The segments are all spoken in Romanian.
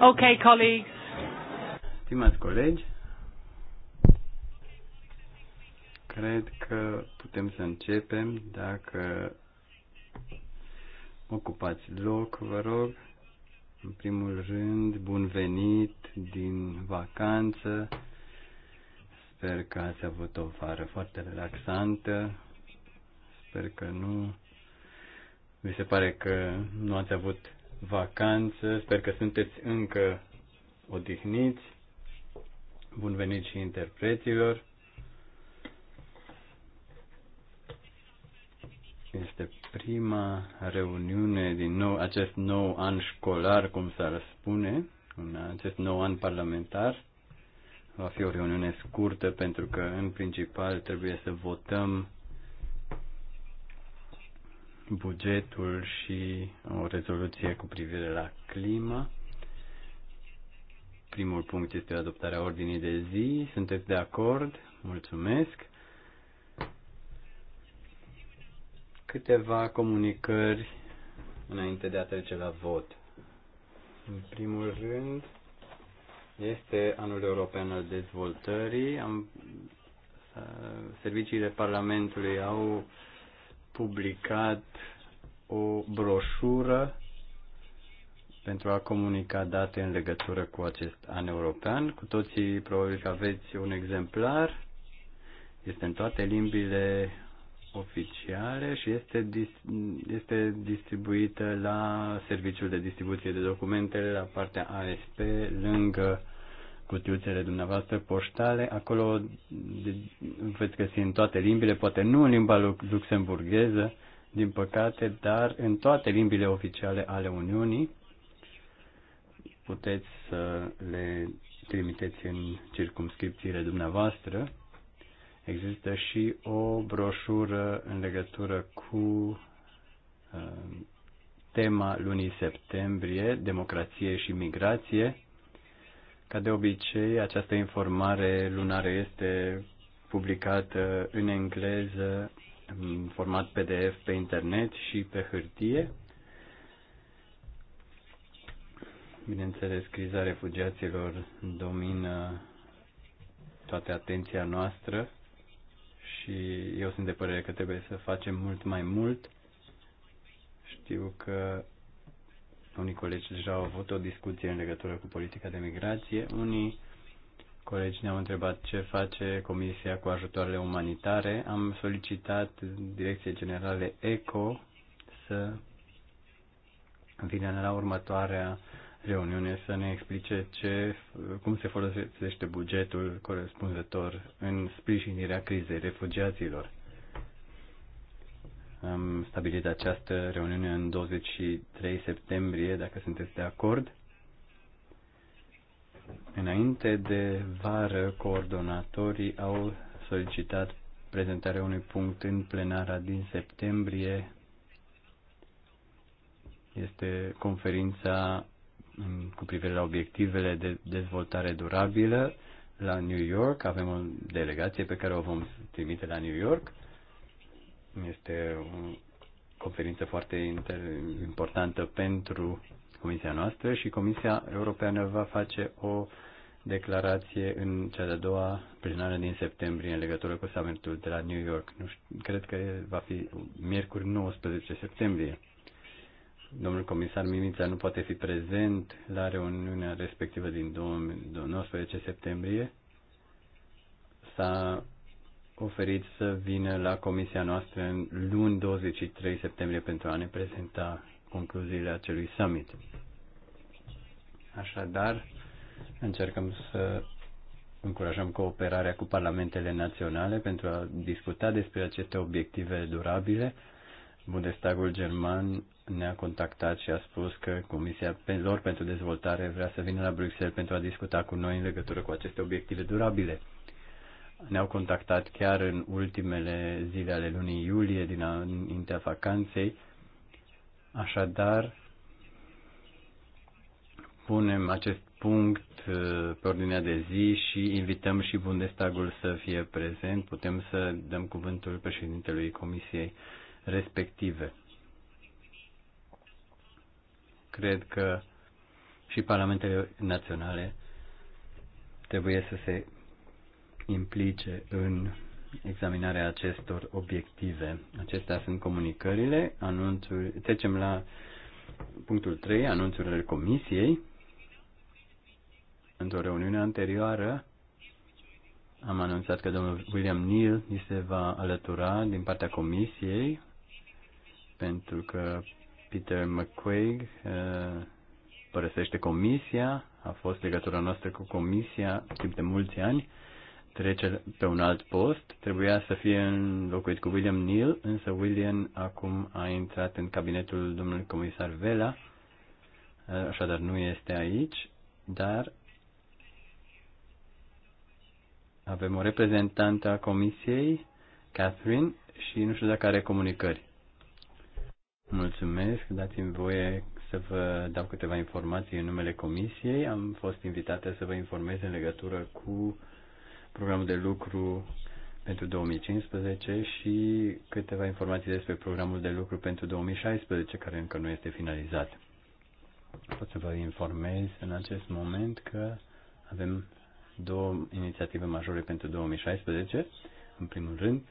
Okay, colleagues. Stimați colegi, cred că putem să începem dacă ocupați loc, vă rog. În primul rând, bun venit din vacanță. Sper că ați avut o vară foarte relaxantă. Sper că nu. Mi se pare că nu ați avut vacanță. Sper că sunteți încă odihniți. Bun venit și interpreților. Este prima reuniune din nou, acest nou an școlar, cum s-ar spune, în acest nou an parlamentar. Va fi o reuniune scurtă pentru că, în principal, trebuie să votăm bugetul și o rezoluție cu privire la climă. Primul punct este adoptarea ordinii de zi. Sunteți de acord? Mulțumesc. Câteva comunicări înainte de a trece la vot. În primul rând, este anul european al dezvoltării. Am, serviciile Parlamentului au publicat o broșură pentru a comunica date în legătură cu acest an european. Cu toții probabil că aveți un exemplar. Este în toate limbile oficiale și este, dis- este distribuită la serviciul de distribuție de documente la partea ASP lângă cutiuțele dumneavoastră poștale. Acolo veți găsi în toate limbile, poate nu în limba luxemburgheză, din păcate, dar în toate limbile oficiale ale Uniunii puteți să le trimiteți în circumscripțiile dumneavoastră. Există și o broșură în legătură cu uh, tema lunii septembrie, democrație și migrație, ca de obicei, această informare lunară este publicată în engleză, în format PDF pe internet și pe hârtie. Bineînțeles, criza refugiaților domină toată atenția noastră și eu sunt de părere că trebuie să facem mult mai mult. Știu că unii colegi deja au avut o discuție în legătură cu politica de migrație, unii colegi ne-au întrebat ce face Comisia cu ajutoarele umanitare. Am solicitat Direcției Generale ECO să vină la următoarea reuniune să ne explice ce, cum se folosește bugetul corespunzător în sprijinirea crizei refugiaților. Am stabilit această reuniune în 23 septembrie, dacă sunteți de acord. Înainte de vară, coordonatorii au solicitat prezentarea unui punct în plenara din septembrie. Este conferința cu privire la obiectivele de dezvoltare durabilă la New York. Avem o delegație pe care o vom trimite la New York este o conferință foarte inter- importantă pentru Comisia noastră și Comisia Europeană va face o declarație în cea de-a doua plenară din septembrie în legătură cu summitul de la New York. Nu știu, cred că va fi miercuri 19 septembrie. Domnul comisar Mimița nu poate fi prezent la reuniunea respectivă din 19 septembrie. S-a Oferit să vină la comisia noastră în luni 23 septembrie pentru a ne prezenta concluziile acelui summit. Așadar, încercăm să încurajăm cooperarea cu parlamentele naționale pentru a discuta despre aceste obiective durabile. Bundestagul german ne-a contactat și a spus că Comisia lor pentru dezvoltare vrea să vină la Bruxelles pentru a discuta cu noi în legătură cu aceste obiective durabile ne-au contactat chiar în ultimele zile ale lunii iulie dinaintea vacanței. Așadar, punem acest punct uh, pe ordinea de zi și invităm și Bundestagul să fie prezent. Putem să dăm cuvântul președintelui comisiei respective. Cred că și parlamentele naționale trebuie să se implice în examinarea acestor obiective. Acestea sunt comunicările, anunțuri. Trecem la punctul 3, anunțurile comisiei. Într-o reuniune anterioară am anunțat că domnul William Neal ni se va alătura din partea comisiei pentru că Peter McQuaig uh, părăsește comisia, a fost legătura noastră cu comisia timp de mulți ani trece pe un alt post. Trebuia să fie înlocuit cu William Neal, însă William acum a intrat în cabinetul domnului comisar Vela, așadar nu este aici, dar avem o reprezentantă a comisiei, Catherine, și nu știu dacă are comunicări. Mulțumesc, dați-mi voie să vă dau câteva informații în numele comisiei. Am fost invitată să vă informez în legătură cu programul de lucru pentru 2015 și câteva informații despre programul de lucru pentru 2016, care încă nu este finalizat. Pot să vă informez în acest moment că avem două inițiative majore pentru 2016. În primul rând,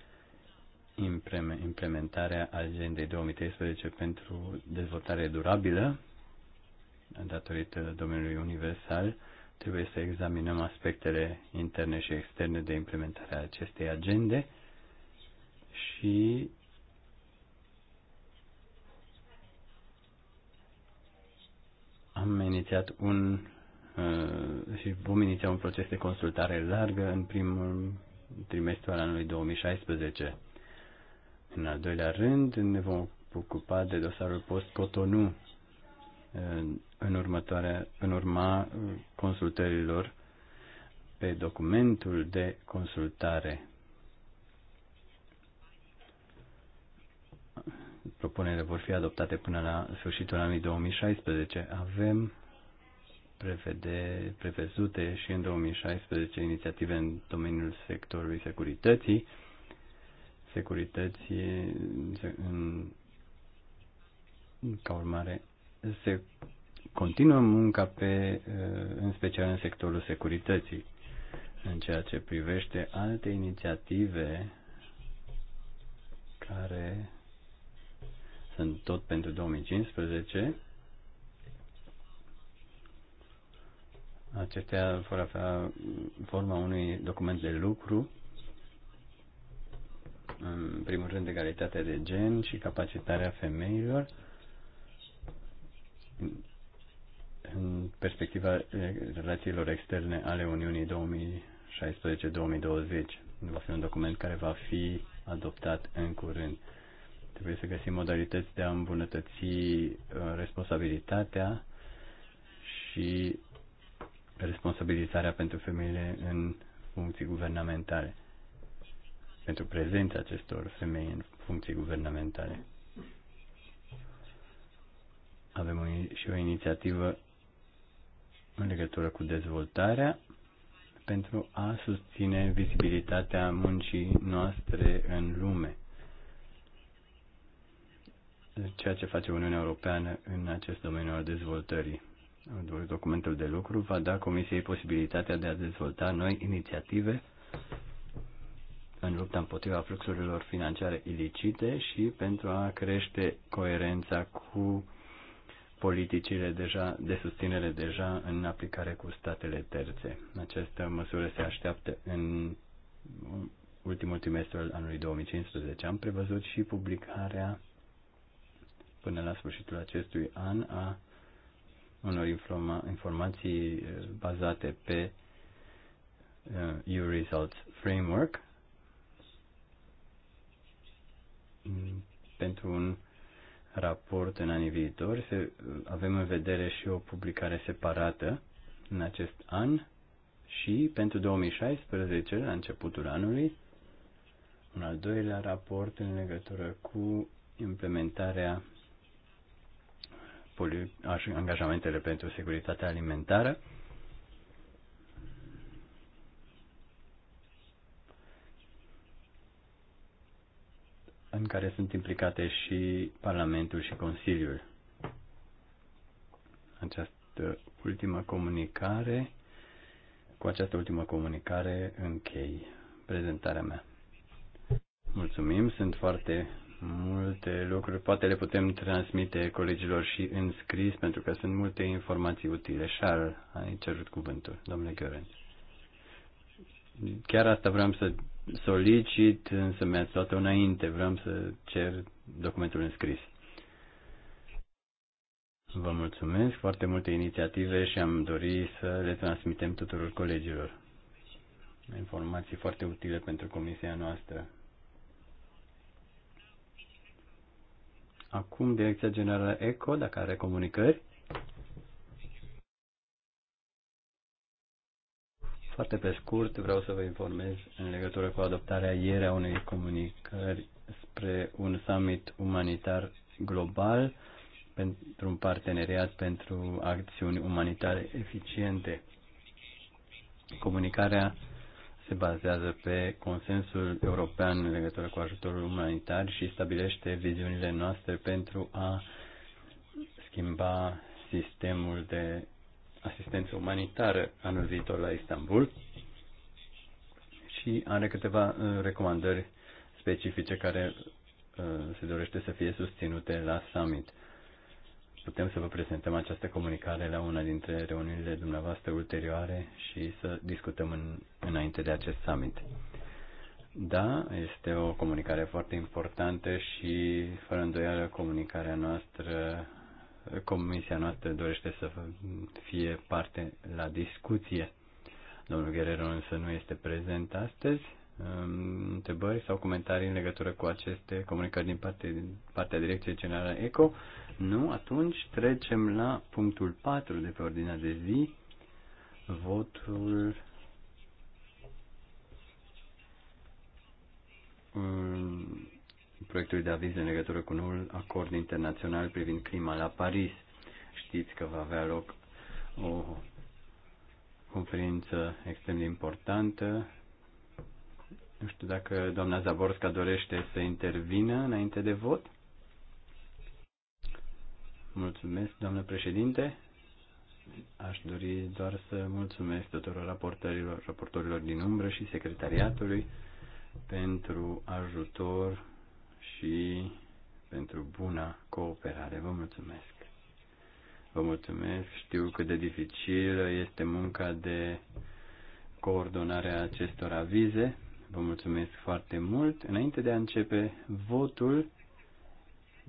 implementarea agendei 2013 pentru dezvoltare durabilă, datorită domeniului universal, Trebuie să examinăm aspectele interne și externe de implementare a acestei agende și am inițiat un uh, și vom iniția un proces de consultare largă în primul trimestru al anului 2016. În al doilea rând, ne vom ocupa de dosarul post-Cotonou în, următoarea, în urma uh, consultărilor pe documentul de consultare. Propunerile vor fi adoptate până la sfârșitul anului 2016. Avem prevede, prevăzute și în 2016 inițiative în domeniul sectorului securității, securității în, ca urmare se continuă munca pe, uh, în special în sectorul securității. În ceea ce privește alte inițiative care sunt tot pentru 2015, acestea vor avea forma unui document de lucru, în primul rând egalitatea de gen și capacitarea femeilor, în perspectiva eh, relațiilor externe ale Uniunii 2016-2020. Va fi un document care va fi adoptat în curând. Trebuie să găsim modalități de a îmbunătăți eh, responsabilitatea și responsabilizarea pentru femeile în funcții guvernamentale, pentru prezența acestor femei în funcții guvernamentale. Avem și o inițiativă în legătură cu dezvoltarea pentru a susține vizibilitatea muncii noastre în lume. Ceea ce face Uniunea Europeană în acest domeniu al dezvoltării. Documentul de lucru va da Comisiei posibilitatea de a dezvolta noi inițiative în lupta împotriva fluxurilor financiare ilicite și pentru a crește coerența cu politicile deja, de susținere deja în aplicare cu statele terțe. Această măsură se așteaptă în ultimul trimestru al anului 2015. Am prevăzut și publicarea până la sfârșitul acestui an a unor informa- informații eh, bazate pe uh, eh, U-Results Framework mm, pentru un raport în anii viitori. Se, avem în vedere și o publicare separată în acest an și pentru 2016, la începutul anului, un al doilea raport în legătură cu implementarea angajamentele pentru securitatea alimentară în care sunt implicate și Parlamentul și Consiliul. Această ultimă comunicare, cu această ultimă comunicare închei prezentarea mea. Mulțumim, sunt foarte multe lucruri. Poate le putem transmite colegilor și în scris, pentru că sunt multe informații utile. Charles, ai cerut cuvântul, domnule Gheorghe. Chiar asta vreau să solicit, să mi-ați luat-o înainte. Vreau să cer documentul înscris. Vă mulțumesc, foarte multe inițiative și am dorit să le transmitem tuturor colegilor. Informații foarte utile pentru comisia noastră. Acum, Direcția Generală ECO, dacă are comunicări. Foarte pe scurt vreau să vă informez în legătură cu adoptarea ieri a unei comunicări spre un summit umanitar global pentru un parteneriat pentru acțiuni umanitare eficiente. Comunicarea se bazează pe consensul european în legătură cu ajutorul umanitar și stabilește viziunile noastre pentru a schimba sistemul de asistență umanitară anul viitor la Istanbul și are câteva uh, recomandări specifice care uh, se dorește să fie susținute la summit. Putem să vă prezentăm această comunicare la una dintre reuniunile dumneavoastră ulterioare și să discutăm în, înainte de acest summit. Da, este o comunicare foarte importantă și, fără îndoială, comunicarea noastră comisia noastră dorește să fie parte la discuție. Domnul Guerrero însă nu este prezent astăzi. Întrebări sau comentarii în legătură cu aceste comunicări din partea, partea Direcției Generală ECO? Nu, atunci trecem la punctul 4 de pe ordinea de zi, votul proiectului de aviz în legătură cu noul acord internațional privind clima la Paris. Știți că va avea loc o conferință extrem de importantă. Nu știu dacă doamna Zaborska dorește să intervină înainte de vot. Mulțumesc, doamnă președinte. Aș dori doar să mulțumesc tuturor raportorilor, raportorilor din umbră și secretariatului pentru ajutor și pentru buna cooperare. Vă mulțumesc! Vă mulțumesc! Știu cât de dificilă este munca de coordonare a acestor avize. Vă mulțumesc foarte mult! Înainte de a începe votul,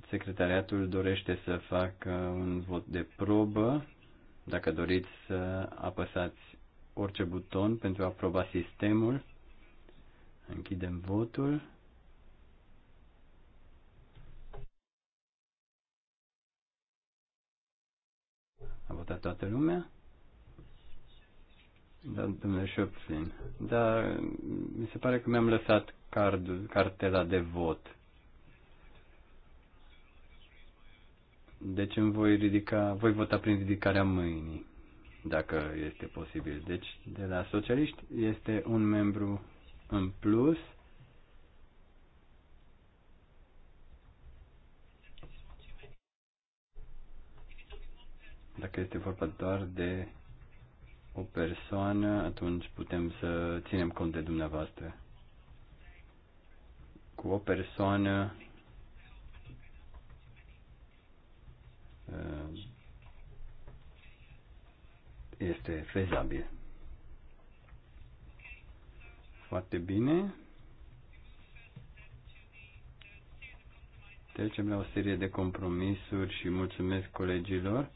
secretariatul dorește să facă un vot de probă. Dacă doriți să apăsați orice buton pentru a proba sistemul, închidem votul. A votat toată lumea? Da, domnule Șopflin. Da, mi se pare că mi-am lăsat cardul, cartela de vot. Deci îmi voi ridica, voi vota prin ridicarea mâinii, dacă este posibil. Deci, de la socialiști este un membru în plus Dacă este vorba doar de o persoană, atunci putem să ținem cont de dumneavoastră. Cu o persoană ă, este fezabil. Foarte bine. Trecem la o serie de compromisuri și mulțumesc colegilor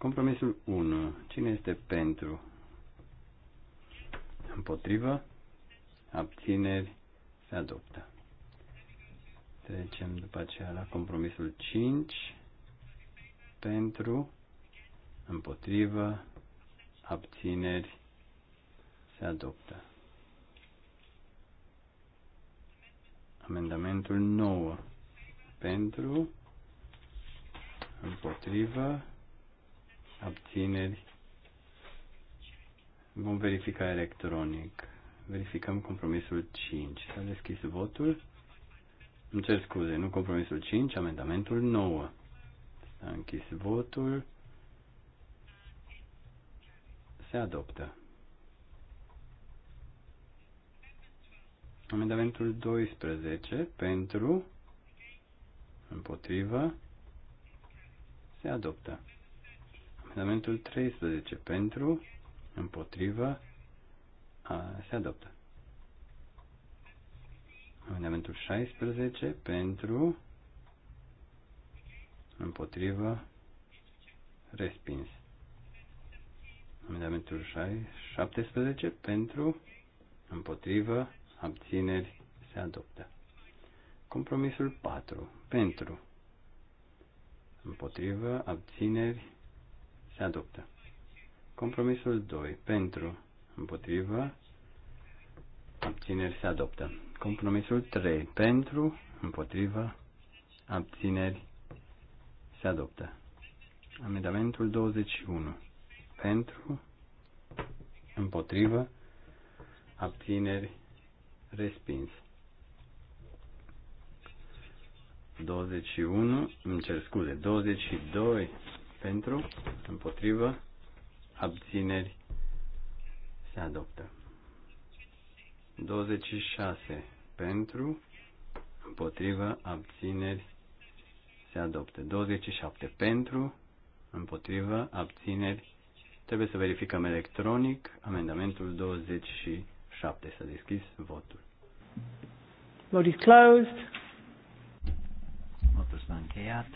Compromisul 1. Cine este pentru? Împotrivă? Abțineri? Se adoptă. Trecem după aceea la compromisul 5. Pentru? Împotrivă? Abțineri? Se adoptă. Amendamentul 9. Pentru? Împotrivă? abțineri. Vom verifica electronic. Verificăm compromisul 5. S-a deschis votul. Îmi cer scuze, nu compromisul 5, amendamentul 9. S-a închis votul. Se adoptă. Amendamentul 12 pentru împotrivă se adoptă. Amendamentul 13 pentru, împotrivă, a, se adoptă. Amendamentul 16 pentru, împotrivă, respins. Amendamentul 17 pentru, împotrivă, abțineri, se adoptă. Compromisul 4 pentru, împotrivă, abțineri, se adoptă. Compromisul 2. Pentru, împotrivă, abțineri se adoptă. Compromisul 3. Pentru, împotrivă, abțineri se adoptă. Amendamentul 21. Pentru, împotrivă, abțineri respins. 21, îmi cer scuze, 22 pentru, împotrivă, abțineri, se adoptă. 26 pentru, împotrivă, abțineri, se adoptă. 27 pentru, împotrivă, abțineri, trebuie să verificăm electronic amendamentul 27. S-a deschis votul. Vote is closed. Votul s-a încheiat.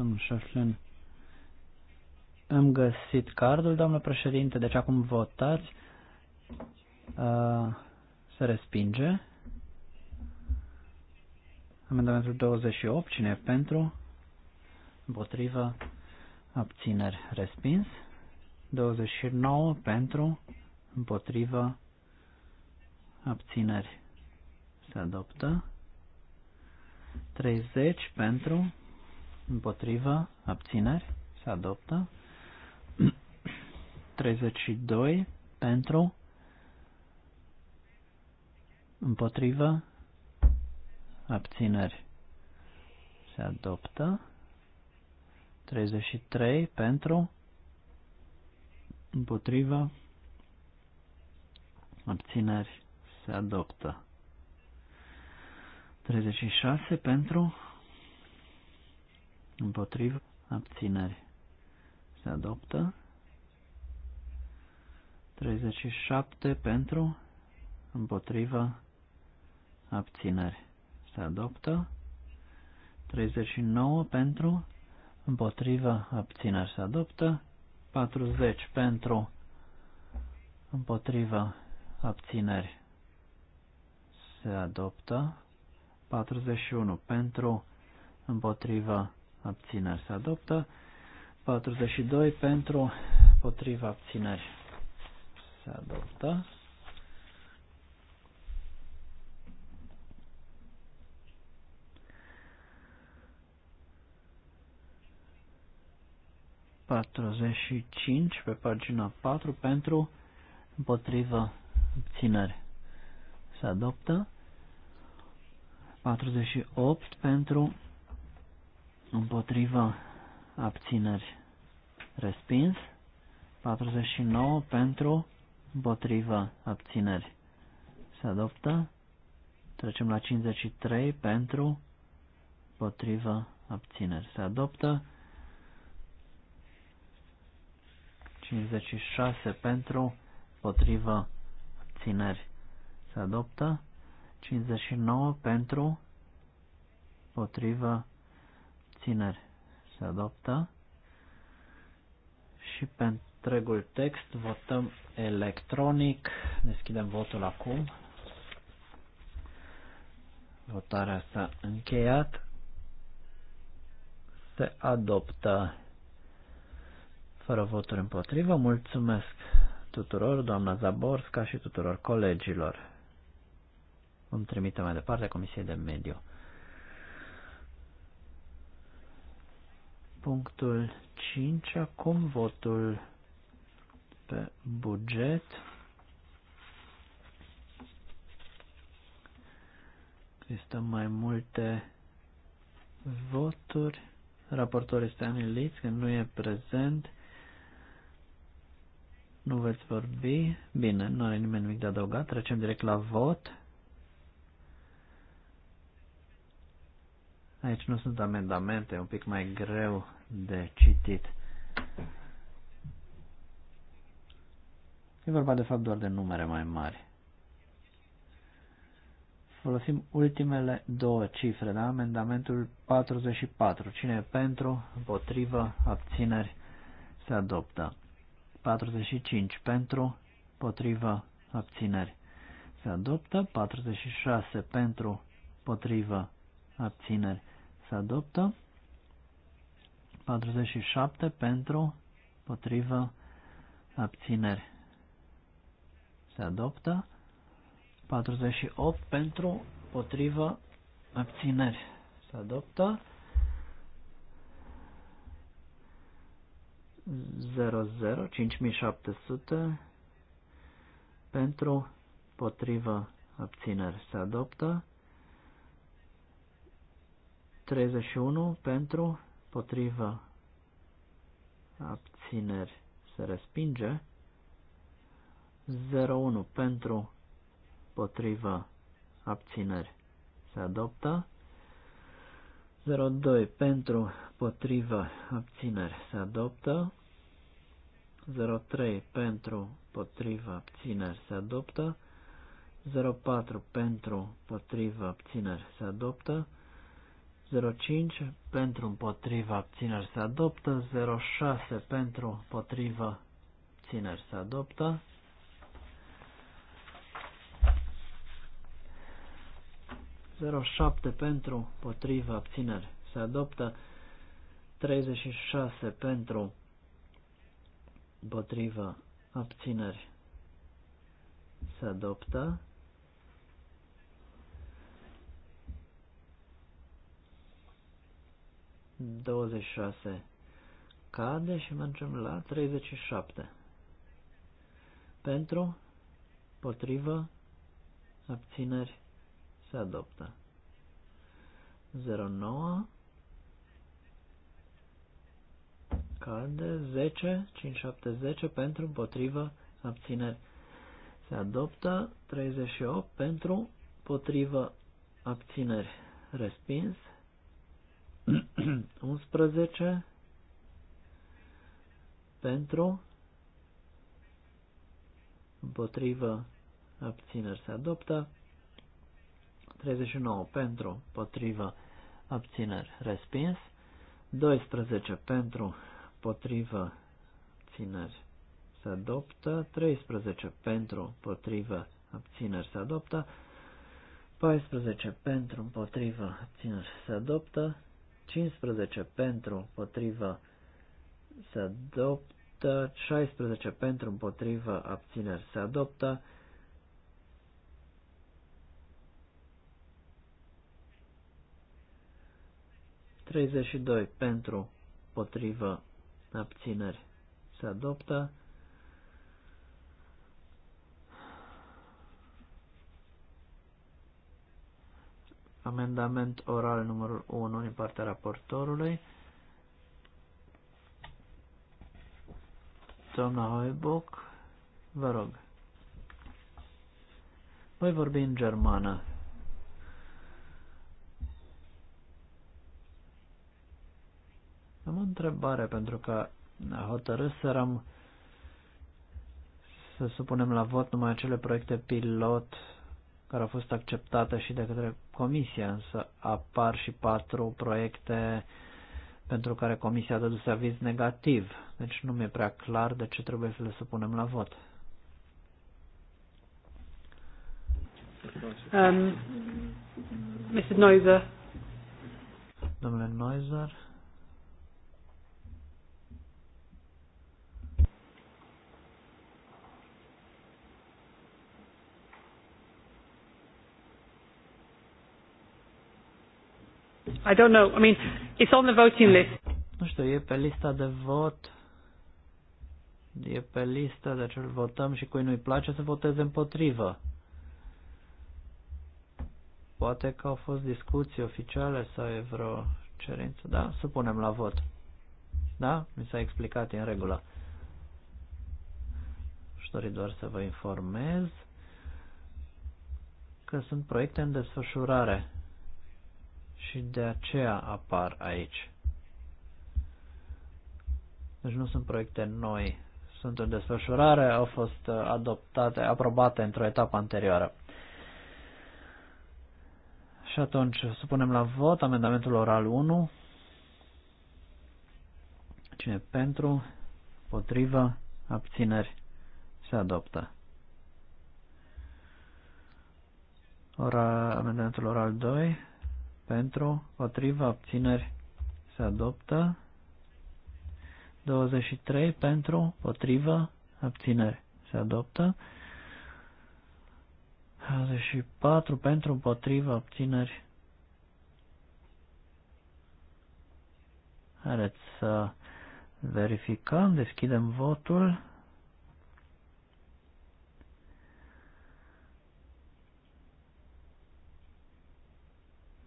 Domnul Șeflin. Am găsit cardul, domnul președinte, deci acum votați. Uh, se respinge. Amendamentul 28, cine e pentru? Împotrivă. Abțineri. Respins. 29 pentru. Împotrivă. Abțineri. Se adoptă. 30 pentru împotriva, abțineri, se adoptă. 32 pentru, împotriva, abțineri, se adoptă. 33 pentru, împotriva, abțineri, se adoptă. 36 pentru, împotrivă, abțineri se adoptă. 37 pentru, împotrivă, abțineri se adoptă. 39 pentru, împotrivă, abțineri se adoptă. 40 pentru, împotrivă, abțineri se adoptă. 41 pentru, împotrivă, abțineri se adoptă, 42 pentru, potriva abțineri se adoptă. pe pagina 4 pentru împotrivă obținări. Se adoptă 48 pentru împotriva abțineri respins, 49 pentru împotriva abțineri se adoptă, trecem la 53 pentru împotriva abțineri se adoptă, 56 pentru împotriva abțineri se adoptă, 59 pentru împotriva abțineri se adoptă și pentru întregul text votăm electronic. Deschidem votul acum. Votarea s-a încheiat. Se adoptă fără voturi împotrivă. Mulțumesc tuturor, doamna Zaborska și tuturor colegilor. Îmi trimite mai departe Comisiei de Mediu. punctul 5, acum votul pe buget. Există mai multe voturi. Raportorul este anilit, că nu e prezent. Nu veți vorbi? Bine, nu are nimeni nimic de adăugat. Trecem direct la vot. Aici nu sunt amendamente, e un pic mai greu de citit. E vorba de fapt doar de numere mai mari. Folosim ultimele două cifre, da? Amendamentul 44. Cine e pentru, împotrivă, abțineri, se adoptă. 45 pentru, potrivă, abțineri. Se adoptă 46 pentru, potrivă, abțineri se adoptă. 47 pentru, potrivă, abțineri se adoptă. 48 pentru, potrivă, abțineri se adoptă. 00 5700 pentru, potrivă, abțineri se adoptă. 31 pentru, potrivă, abțineri se respinge. 01 pentru, potrivă, abțineri se adoptă. 02 pentru, potrivă, abțineri se adoptă. 03 pentru, potrivă, abțineri se adoptă. 04 pentru, potrivă, abțineri se adoptă. 05 pentru împotriva abțineri se adoptă, 06 pentru împotriva abțineri se adoptă. Zero șapte pentru potriva abțineri se adoptă 36 pentru potriva abțineri se adoptă 26 cade și mergem la 37. Pentru, potrivă, abțineri, se adoptă. 09 cade, 10, 5, 7, 10, pentru, potrivă, abțineri, se adoptă, 38, pentru, potrivă, abțineri, respins, 11 pentru, împotrivă, abțineri se adoptă, 39 pentru, potrivă, abțineri respins, 12 pentru, potrivă, abțineri se adoptă, 13 pentru, potrivă, abțineri se adoptă, 14 pentru, împotrivă, abțineri se adoptă, 15 pentru împotrivă se adoptă, 16 pentru împotrivă abțineri se adoptă, Treizeci și doi pentru potrivă abțineri se adoptă. Amendament oral numărul 1 din partea raportorului. Doamna Hoiboc, vă rog. Voi vorbi în germană. Am o întrebare pentru că hotărâserăm să supunem la vot numai acele proiecte pilot care au fost acceptate și de către comisia, însă apar și patru proiecte pentru care comisia a dat aviz negativ, deci nu mi-e prea clar de ce trebuie să le supunem la vot. Um, Mr. Neuser. Domnule Neuser. I don't know. I mean, it's on the voting list. Nu știu, e pe lista de vot. E pe lista de ce votăm și cui nu-i place să voteze împotrivă. Poate că au fost discuții oficiale sau e vreo cerință, da? Să punem la vot. Da? Mi s-a explicat, e în regulă. Și dori doar să vă informez că sunt proiecte în desfășurare și de aceea apar aici. Deci nu sunt proiecte noi, sunt în desfășurare, au fost uh, adoptate, aprobate într-o etapă anterioară. Și atunci supunem la vot amendamentul oral 1. Cine pentru, potrivă, abțineri, se adoptă. Ora, amendamentul oral 2 pentru, potriva, abțineri, se adoptă. 23 pentru, potriva, abțineri, se adoptă. 24 pentru, potriva, abțineri. Haideți să verificăm, deschidem votul.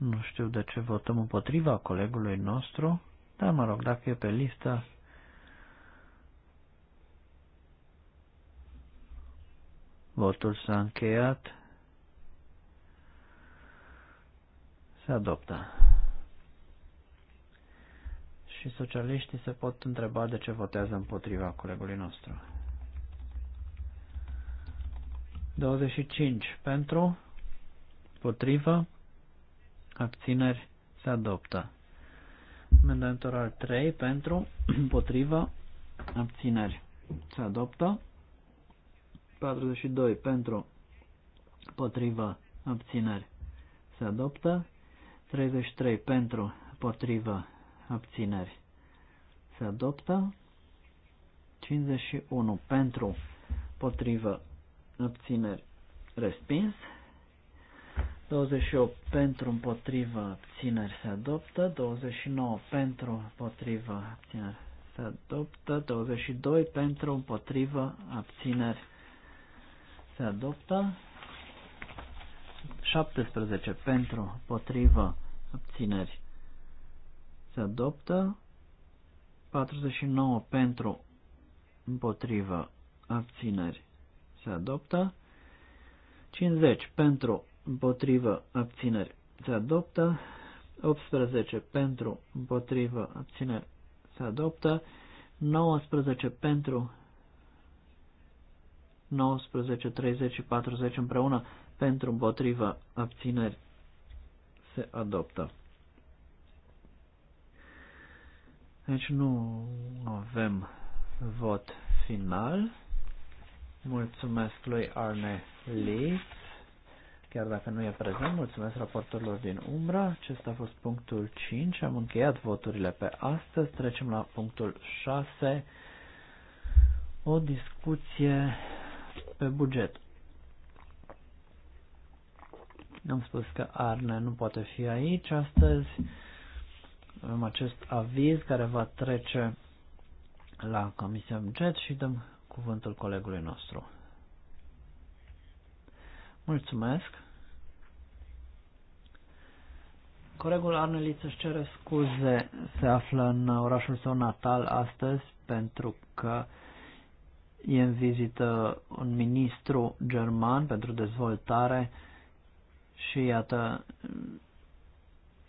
Nu știu de ce votăm împotriva colegului nostru, dar mă rog, dacă e pe listă, Votul s-a încheiat. Se adoptă. Și socialiștii se pot întreba de ce votează împotriva colegului nostru. 25 pentru, potriva abțineri, se adoptă. Amendamentul al 3 pentru, împotriva, abțineri, se adoptă. 42 pentru, împotriva, abțineri, se adoptă. 33 pentru, împotriva, abțineri, se adoptă. 51 pentru, împotriva, abțineri, respins. 28 pentru împotrivă abțineri se adoptă, 29 pentru împotrivă abțineri se adoptă, 22 pentru împotrivă abțineri se adoptă, 17 pentru împotrivă abțineri se adoptă, 49 pentru împotrivă abțineri se adoptă, 50 pentru împotrivă, abțineri, se adoptă. 18 pentru, împotrivă, abțineri, se adoptă. 19 pentru, 19, 30 și 40 împreună, pentru, împotrivă, abțineri, se adoptă. Deci nu avem vot final. Mulțumesc lui Arne Lee. Chiar dacă nu e prezent, mulțumesc raportorilor din umbra. Acesta a fost punctul 5. Am încheiat voturile pe astăzi. Trecem la punctul 6. O discuție pe buget. Am spus că Arne nu poate fi aici astăzi. Avem acest aviz care va trece la Comisia Buget și dăm cuvântul colegului nostru. Mulțumesc! Colegul Arneliț își cere scuze, se află în orașul său natal astăzi pentru că e în vizită un ministru german pentru dezvoltare și iată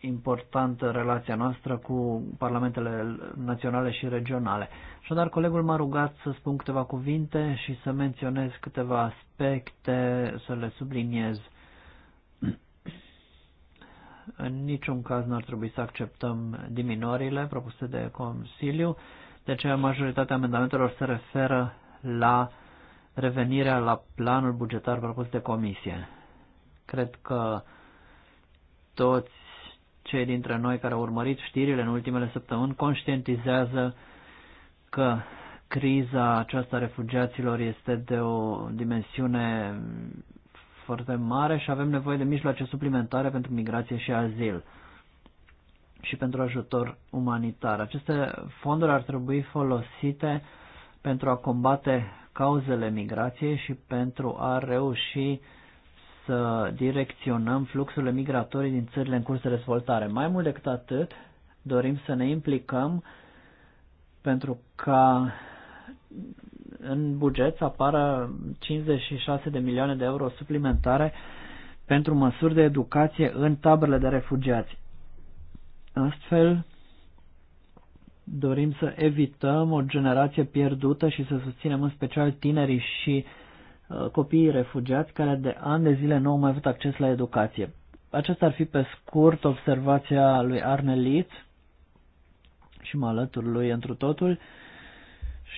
importantă relația noastră cu parlamentele naționale și regionale. Așadar, colegul m-a rugat să spun câteva cuvinte și să menționez câteva aspecte, să le subliniez. În niciun caz nu ar trebui să acceptăm diminuările propuse de Consiliu, de aceea majoritatea amendamentelor se referă la revenirea la planul bugetar propus de Comisie. Cred că toți cei dintre noi care au urmărit știrile în ultimele săptămâni conștientizează că criza aceasta refugiaților este de o dimensiune foarte mare și avem nevoie de mijloace suplimentare pentru migrație și azil și pentru ajutor umanitar. Aceste fonduri ar trebui folosite pentru a combate cauzele migrației și pentru a reuși să direcționăm fluxurile migratorii din țările în curs de dezvoltare. Mai mult decât atât, dorim să ne implicăm pentru ca în buget să apară 56 de milioane de euro suplimentare pentru măsuri de educație în taberele de refugiați. Astfel, dorim să evităm o generație pierdută și să susținem în special tinerii și uh, copiii refugiați care de ani de zile nu au mai avut acces la educație. Aceasta ar fi pe scurt observația lui Arne Litz și mă alătur lui întru totul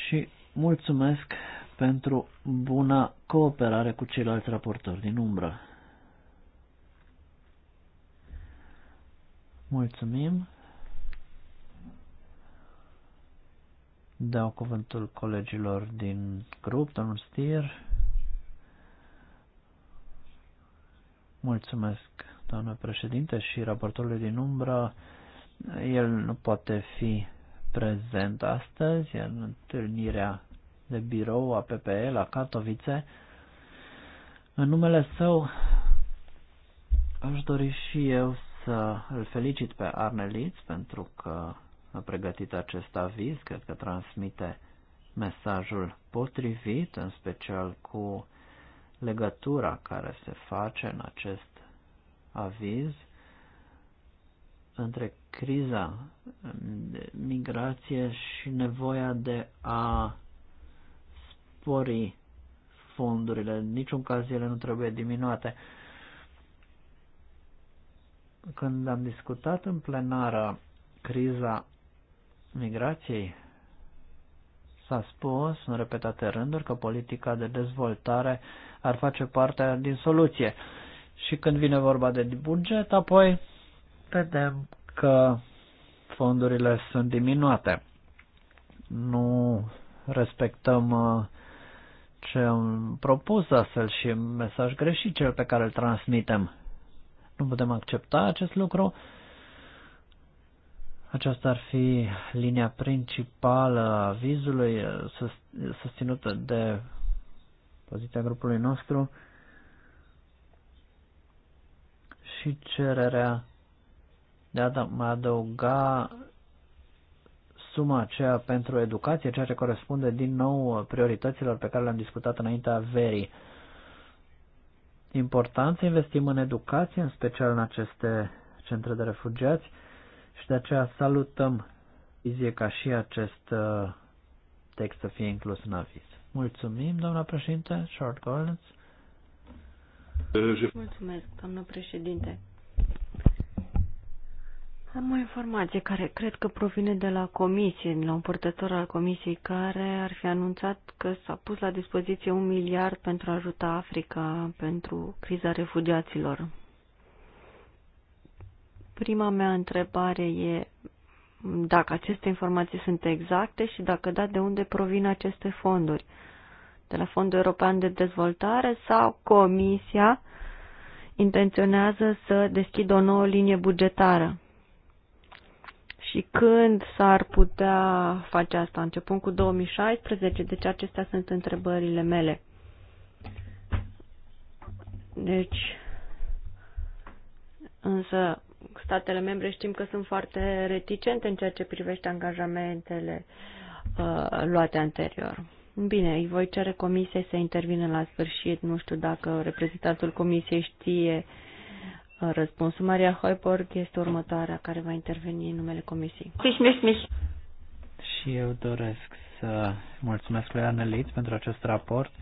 și Mulțumesc pentru buna cooperare cu ceilalți raportori din umbră. Mulțumim. Dau cuvântul colegilor din grup, domnul Stier. Mulțumesc, doamnă președinte, și raportorului din umbră. El nu poate fi prezent astăzi în întâlnirea de birou a PPE la Katowice. În numele său aș dori și eu să îl felicit pe Arneliț pentru că a pregătit acest aviz, cred că transmite mesajul potrivit, în special cu legătura care se face în acest aviz între criza de migrație și nevoia de a spori fondurile. În niciun caz ele nu trebuie diminuate. Când am discutat în plenară criza migrației, s-a spus în repetate rânduri că politica de dezvoltare ar face parte din soluție. Și când vine vorba de buget, apoi vedem că fondurile sunt diminuate. Nu respectăm uh, ce am propus astfel și mesaj greșit cel pe care îl transmitem. Nu putem accepta acest lucru. Aceasta ar fi linia principală a vizului uh, susținută de poziția grupului nostru și cererea de a mă adăuga suma aceea pentru educație, ceea ce corespunde din nou priorităților pe care le-am discutat înaintea verii. Important să investim în educație, în special în aceste centre de refugiați și de aceea salutăm vizie ca și acest uh, text să fie inclus în aviz. Mulțumim, doamna președinte, Short Collins. Uh, Mulțumesc, doamnă președinte. Am o informație care cred că provine de la comisie, de la un purtător al comisiei care ar fi anunțat că s-a pus la dispoziție un miliard pentru a ajuta Africa pentru criza refugiaților. Prima mea întrebare e dacă aceste informații sunt exacte și dacă da, de unde provin aceste fonduri? De la Fondul European de Dezvoltare sau Comisia intenționează să deschidă o nouă linie bugetară? și când s-ar putea face asta, începând cu 2016, deci acestea sunt întrebările mele. Deci, însă, statele membre știm că sunt foarte reticente în ceea ce privește angajamentele uh, luate anterior. Bine, îi voi cere comisiei să intervină la sfârșit. Nu știu dacă reprezentantul comisiei știe uh, răspunsul. Maria Hoiborg este următoarea care va interveni în numele comisiei. Și eu doresc să mulțumesc lui Aneliț pentru acest raport.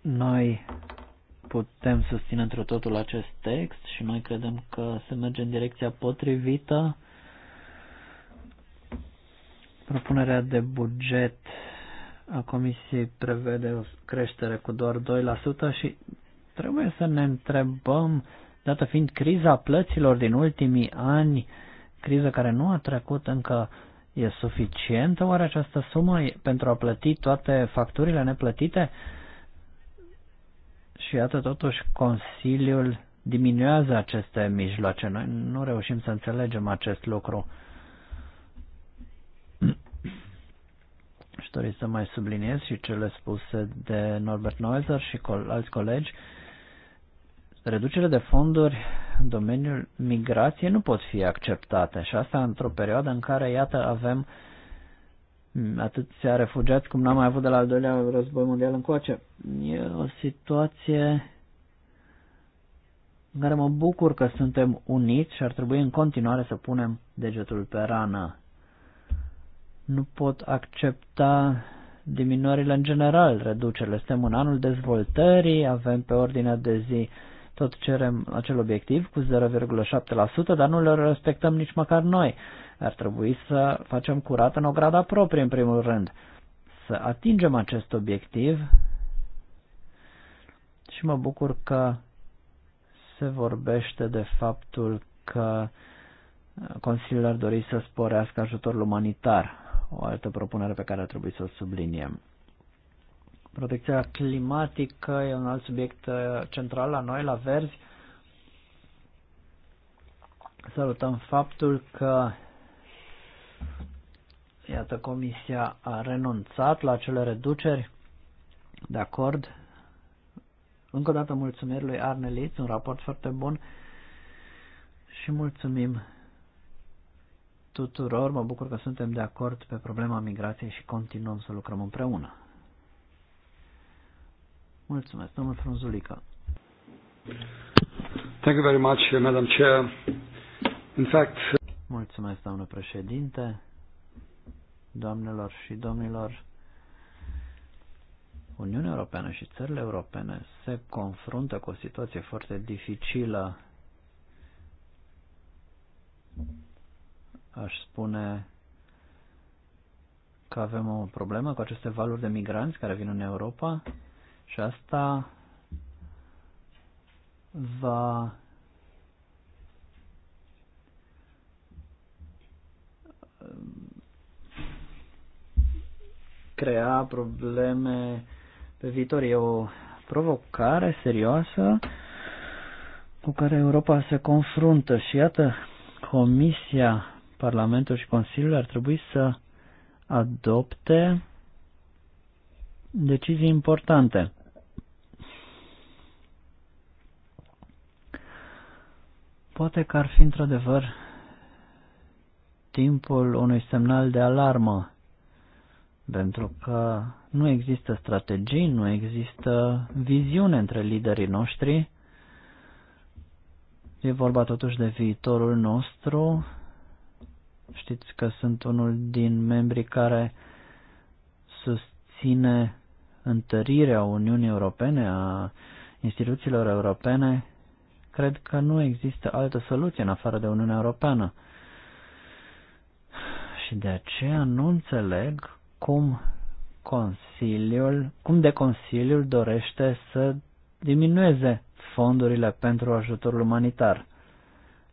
Noi putem susține într totul acest text și noi credem că se merge în direcția potrivită. Propunerea de buget a Comisiei prevede o creștere cu doar 2% și Trebuie să ne întrebăm, dată fiind criza plăților din ultimii ani, criză care nu a trecut încă, e suficientă oare această sumă pentru a plăti toate facturile neplătite? Și iată, totuși, Consiliul diminuează aceste mijloace. Noi nu reușim să înțelegem acest lucru. și dori să mai subliniez și cele spuse de Norbert Neuser și col- alți colegi. Uh, reducerile de fonduri în domeniul migrației nu pot fi acceptate și asta într-o perioadă în care, iată, avem atâția refugiați cum n-am mai avut de la al doilea război mondial încoace. E o situație în care mă bucur că suntem uniți și ar trebui în continuare să punem degetul pe rană. Nu pot accepta diminuările în general, reducerile. Suntem în anul dezvoltării, avem pe ordinea de zi tot cerem acel obiectiv cu 0,7%, dar nu le respectăm nici măcar noi. Ar trebui să facem curat în ograda proprie, în primul rând. Să atingem acest obiectiv și mă bucur că se vorbește de faptul că Consiliul ar dori să sporească ajutorul umanitar, o altă propunere pe care ar trebui să o subliniem. Protecția climatică e un alt subiect uh, central la noi, la Verzi. Salutăm faptul că iată, Comisia a renunțat la acele reduceri. De acord. Încă o dată mulțumiri lui Arneliț, un raport foarte bun și mulțumim tuturor. Mă bucur că suntem de acord pe problema migrației și continuăm să lucrăm împreună. Mulțumesc, domnul Frunzulica. Thank you very much, Madam Chair. In fact... Mulțumesc, doamnă președinte, doamnelor și domnilor. Uniunea Europeană și țările europene se confruntă cu o situație foarte dificilă, aș spune că avem o problemă cu aceste valuri de migranți care vin în Europa, și asta va crea probleme pe viitor. E o provocare serioasă cu care Europa se confruntă și iată, Comisia, Parlamentul și Consiliul ar trebui să adopte decizii importante. Poate că ar fi într-adevăr timpul unui semnal de alarmă, pentru că nu există strategii, nu există viziune între liderii noștri. E vorba totuși de viitorul nostru. Știți că sunt unul din membrii care susține întărirea Uniunii Europene, a instituțiilor europene Cred că nu există altă soluție în afară de Uniunea Europeană. Și de aceea nu înțeleg cum Consiliul, cum de Consiliul dorește să diminueze fondurile pentru ajutorul umanitar.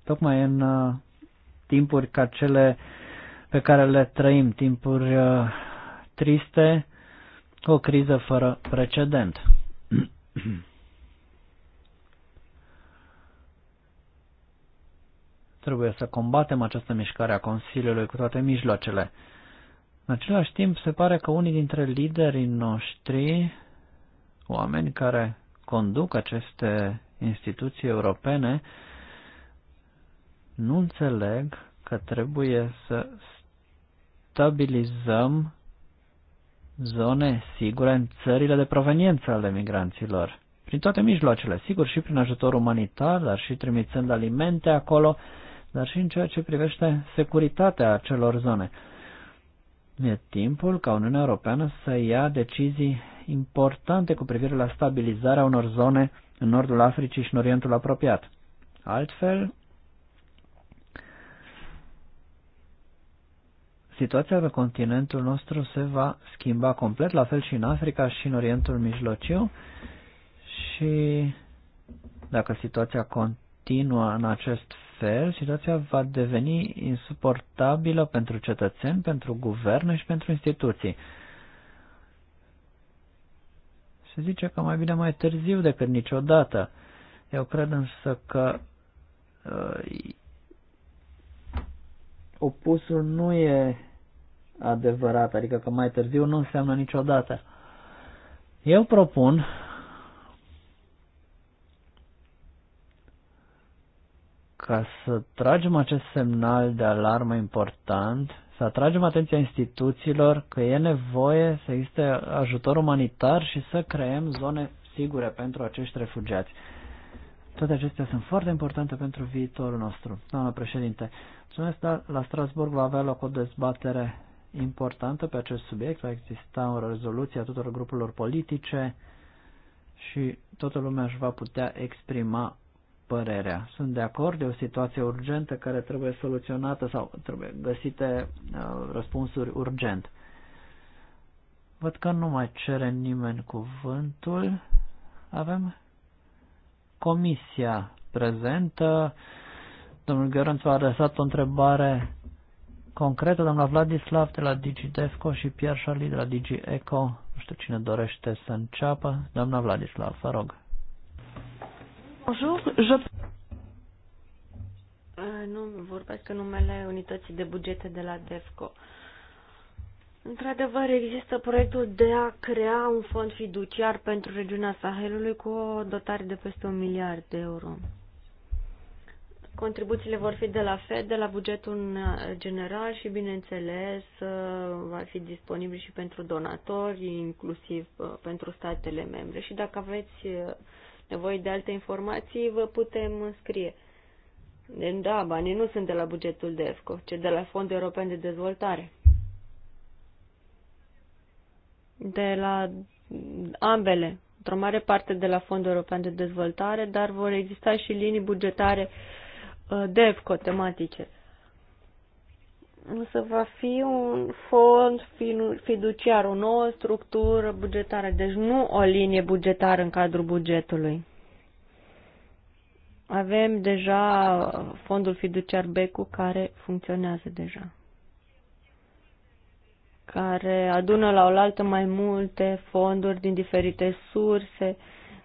Tocmai în uh, timpuri ca cele pe care le trăim, timpuri uh, triste, o criză fără precedent. Trebuie să combatem această mișcare a Consiliului cu toate mijloacele. În același timp, se pare că unii dintre liderii noștri, oameni care conduc aceste instituții europene, nu înțeleg că trebuie să stabilizăm zone sigure în țările de proveniență ale migranților. Prin toate mijloacele, sigur, și prin ajutor umanitar, dar și trimițând alimente acolo, dar și în ceea ce privește securitatea acelor zone. E timpul ca Uniunea Europeană să ia decizii importante cu privire la stabilizarea unor zone în nordul Africii și în Orientul apropiat. Altfel, situația pe continentul nostru se va schimba complet, la fel și în Africa și în Orientul Mijlociu și dacă situația continuă în acest fel, situația va deveni insuportabilă pentru cetățeni, pentru guverne și pentru instituții. Se zice că mai bine mai târziu decât niciodată. Eu cred însă că uh, opusul nu e adevărat, adică că mai târziu nu înseamnă niciodată. Eu propun ca să tragem acest semnal de alarmă important, să atragem atenția instituțiilor că e nevoie să existe ajutor umanitar și să creăm zone sigure pentru acești refugiați. Toate acestea sunt foarte importante pentru viitorul nostru. Doamna președinte, mulțumesc, dar la Strasburg va avea loc o dezbatere importantă pe acest subiect, va exista o rezoluție a tuturor grupurilor politice și toată lumea își va putea exprima părerea. Sunt de acord, e o situație urgentă care trebuie soluționată sau trebuie găsite uh, răspunsuri urgent. Văd că nu mai cere nimeni cuvântul. Avem comisia prezentă. Domnul Gheorenț a adresat o întrebare concretă. Domnul Vladislav de la DigiDesco și Pierre Charlie de la DigiEco. Nu știu cine dorește să înceapă. Doamna Vladislav, vă rog. Bonjour, je... Eh, nu vorbesc în numele unității de bugete de la DEFCO. Într-adevăr, există proiectul de a crea un fond fiduciar pentru regiunea Sahelului cu o dotare de peste un miliard de euro. Contribuțiile vor fi de la FED, de la bugetul general și, bineînțeles, eh, va fi disponibil și pentru donatori, inclusiv eh, pentru statele membre. Și dacă aveți nevoie de alte informații, vă putem scrie. Deci, da, banii nu sunt de la bugetul de EFCO, ci de la Fondul European de Dezvoltare. De la ambele, într-o mare parte de la Fondul European de Dezvoltare, dar vor exista și linii bugetare uh, DEFCO tematice să va fi un fond fiduciar, o nouă structură bugetară, deci nu o linie bugetară în cadrul bugetului. Avem deja fondul fiduciar BECU care funcționează deja, care adună la oaltă mai multe fonduri din diferite surse,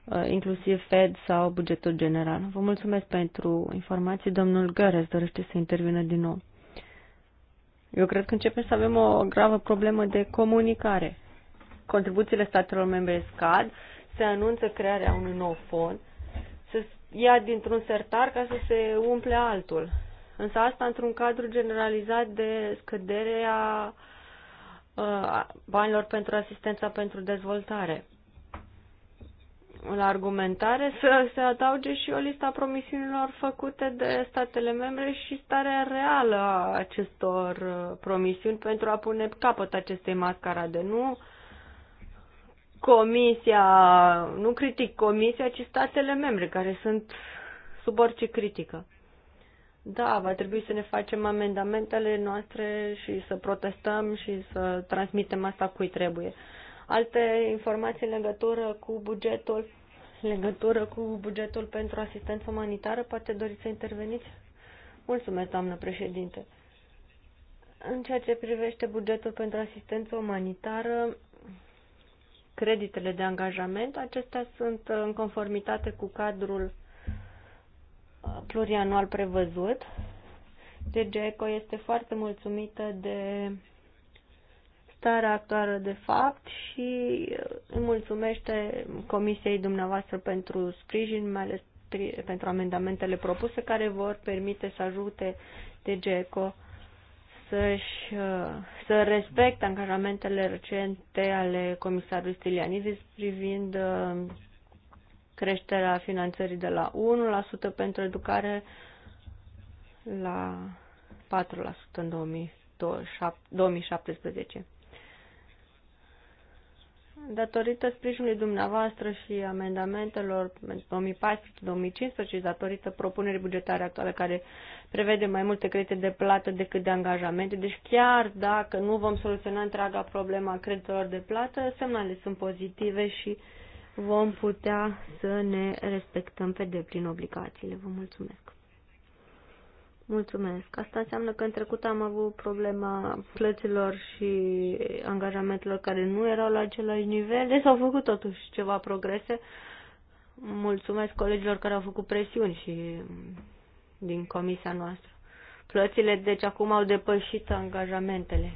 uh, inclusiv Fed sau bugetul general. Vă mulțumesc pentru informații. Domnul Găres, dorește să intervină din nou. Eu cred că începem să avem o gravă problemă de comunicare. Contribuțiile statelor membre scad, se anunță crearea unui nou fond, se ia dintr-un sertar ca să se umple altul. Însă asta într-un cadru generalizat de scăderea banilor pentru asistența pentru dezvoltare la argumentare să se adauge și o lista promisiunilor făcute de statele membre și starea reală a acestor uh, promisiuni pentru a pune capăt acestei mascarade. Nu comisia, nu critic comisia, ci statele membre care sunt sub orice critică. Da, va trebui să ne facem amendamentele noastre și să protestăm și să transmitem asta cui trebuie alte informații în legătură cu bugetul, legătură cu bugetul pentru asistență umanitară, poate doriți să interveniți? Mulțumesc, doamnă președinte. În ceea ce privește bugetul pentru asistență umanitară, creditele de angajament, acestea sunt în conformitate cu cadrul uh, plurianual prevăzut. DGECO este foarte mulțumită de starea actuală de fapt și uh, îi mulțumește Comisiei dumneavoastră pentru sprijin, mai ales pentru amendamentele propuse care vor permite să ajute DGECO să-și, uh, să respecte angajamentele recente ale comisarului Stilianidis privind uh, creșterea finanțării de la 1% pentru educare la 4% în 2017 datorită sprijinului dumneavoastră și amendamentelor 2014-2015, datorită propunerii bugetare actuale care prevede mai multe credite de plată decât de angajamente. Deci chiar dacă nu vom soluționa întreaga problema creditelor de plată, semnalele sunt pozitive și vom putea să ne respectăm pe deplin obligațiile. Vă mulțumesc! Mulțumesc. Asta înseamnă că în trecut am avut problema plăților și angajamentelor care nu erau la același nivel. Deci s-au făcut totuși ceva progrese. Mulțumesc colegilor care au făcut presiuni și din comisia noastră. Plățile, deci, acum au depășit angajamentele.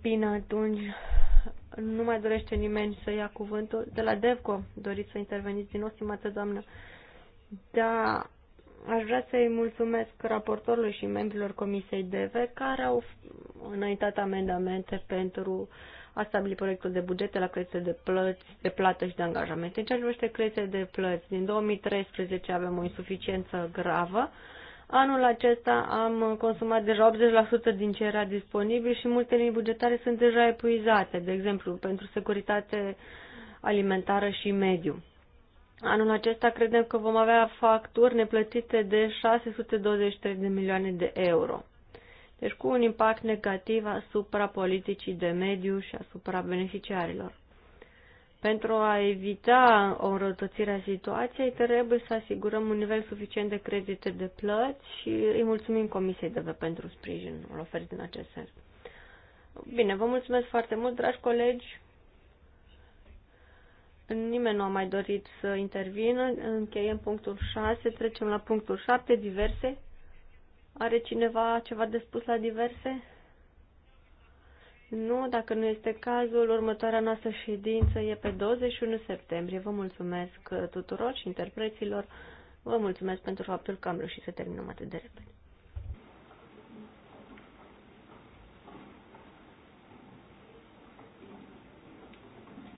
Bine, atunci nu mai dorește nimeni să ia cuvântul. De la DEVCO doriți să interveniți din nou, stimată doamnă. Da, Aș vrea să-i mulțumesc raportorului și membrilor Comisiei DV care au înaintat amendamente pentru a stabili proiectul de bugete la crețe de plăți, de plată și de angajamente. În ceea ce privește crețe de plăți, din 2013 avem o insuficiență gravă. Anul acesta am consumat deja 80% din ce era disponibil și multe linii bugetare sunt deja epuizate, de exemplu, pentru securitate alimentară și mediu. Anul acesta credem că vom avea facturi neplătite de 623 de milioane de euro. Deci cu un impact negativ asupra politicii de mediu și asupra beneficiarilor. Pentru a evita o înrăutățire a situației, trebuie să asigurăm un nivel suficient de credite de plăți și îi mulțumim Comisiei DV pentru sprijinul oferit în acest sens. Bine, vă mulțumesc foarte mult, dragi colegi. Nimeni nu a mai dorit să intervină. Încheiem punctul 6, trecem la punctul 7, diverse. Are cineva ceva de spus la diverse? Nu, dacă nu este cazul, următoarea noastră ședință e pe 21 septembrie. Vă mulțumesc tuturor și interpreților. Vă mulțumesc pentru faptul că am reușit să terminăm atât de repede.